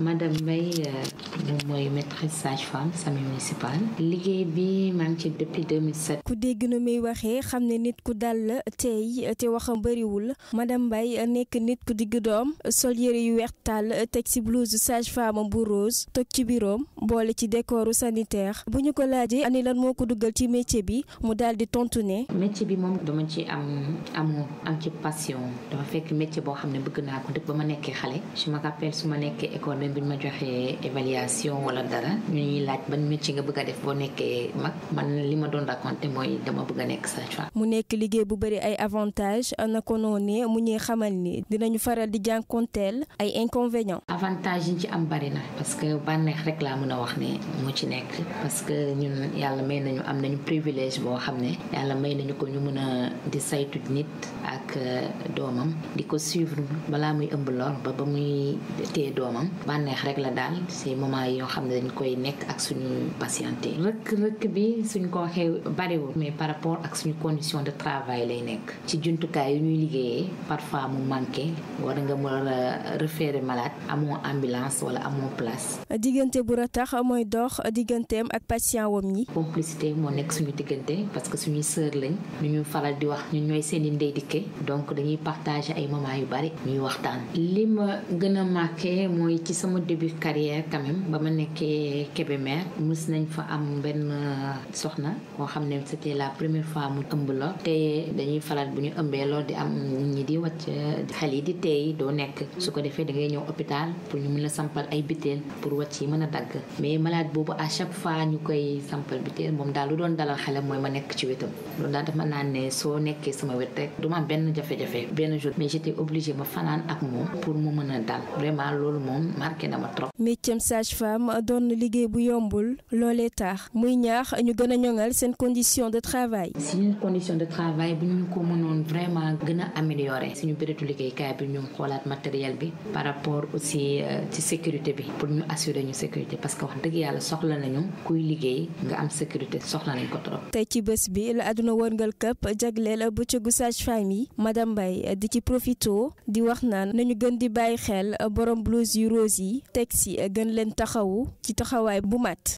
madame Mbaye euh, moom mooy maîtresse sage-femme sami municipal liggéey bi maa ngi ci depuis 2007. ku dégg na muy waxee xam ne nit ku dal la tey te waxam bëriwul madame Mbaye nekk nit ku digg doom sol yëre yu weex tàll teg ci blouse sage bu rose toog ci biroom boole ci décoru sanitaire bu ñu ko laajee ani lan moo ko duggal ci métier bi mu dal di tontu ne. métier bi moom dama ci am amour am ci passion dafa fekk métier boo xam ne bëgg naa ko dëkk ba ma nekkee xale su ma nekkee école même bi ñu ma joxee évaluation laaj ban métier nga bëgg a def boo nekkee mag man li ma doon raconté mooy dama bëgg a nekk sage mu nekk liggéey bu bëri ay avantages na ko noonee mu ñuy xamal ni dinañu faral di jànkoonteel ay inconvénients. avantage yi ci am bari na parce que bànneex rek laa mën a wax ne moo ci nekk parce que ñun yàlla may nañu am nañu privilège boo xam ne yàlla may nañu ko ñu mën a di saytu nit ak euh, doomam di ko suivre balaa muy ëmb lor ba ba muy téye doomam. bànneex rek la daal si moment yoo xam ne dañ koy nekk ak suñu patiente rëkk-rëkk bi suñ par rapport ak suñu condition de travail lay nekk ci jumtukaay yu ñuy liggéeyee parfois mu manqué war nga mën a référer malade amoo ambulance wala amoo place diggante bu ratax mooy dox digganteem ak patient wam ñi complicité moo nekk suñu diggante parce que suñuy sœur lañ ñu ñu faral di wax ñun ñooy seeni ndey dikke donc dañuy partager ay moments yu bari ñuy waxtaan li ma gën a marqué mooy ci sama début carrière quand même ba ma nekkee Kébémer mus nañ fa am benn euh, soxna koo xam ne c'était la première fois mu ëmb la te dañuy faral bu ñu ëmbee loolu di am nit di wàcc xel yi di teey doo nekk su ko defee da ngay ñëw hôpital pour ñu mën a sampal ay biteel pour wàcc yi mën a dagg mais malade boobu à chaque fois ñu koy sampal biteel moom daal lu doon dalal xelam mooy ma nekk ci wetam loolu daal dafa naan soo nekkee sama wet rek du benn jafe benn jour mais j'étais obligée fanaan ak moom pour mu mën a dal vraiment loolu moom manqué ma trop. métier sage-femme doon liggéey bu yombul loolee tax muy ñaax ñu gën a ñoŋal seen condition de travail. suñu condition de travail bu ñu ko mënoon vraiment gën a suñu bëreetu liggéeykaay bi ñu xoolaat matériel bi par rapport aussi euh, ci sécurité bi pour ñu assurer ñu sécurité parce que wax dëgg yàlla soxla nañu kuy liggéey nga am sécurité soxla nañ ko trop. tey ci bés bi la àdduna wërngal këpp jagleel bëccëgu sage yi madame yi teg si gën leen taxawu ci taxawaay bu mat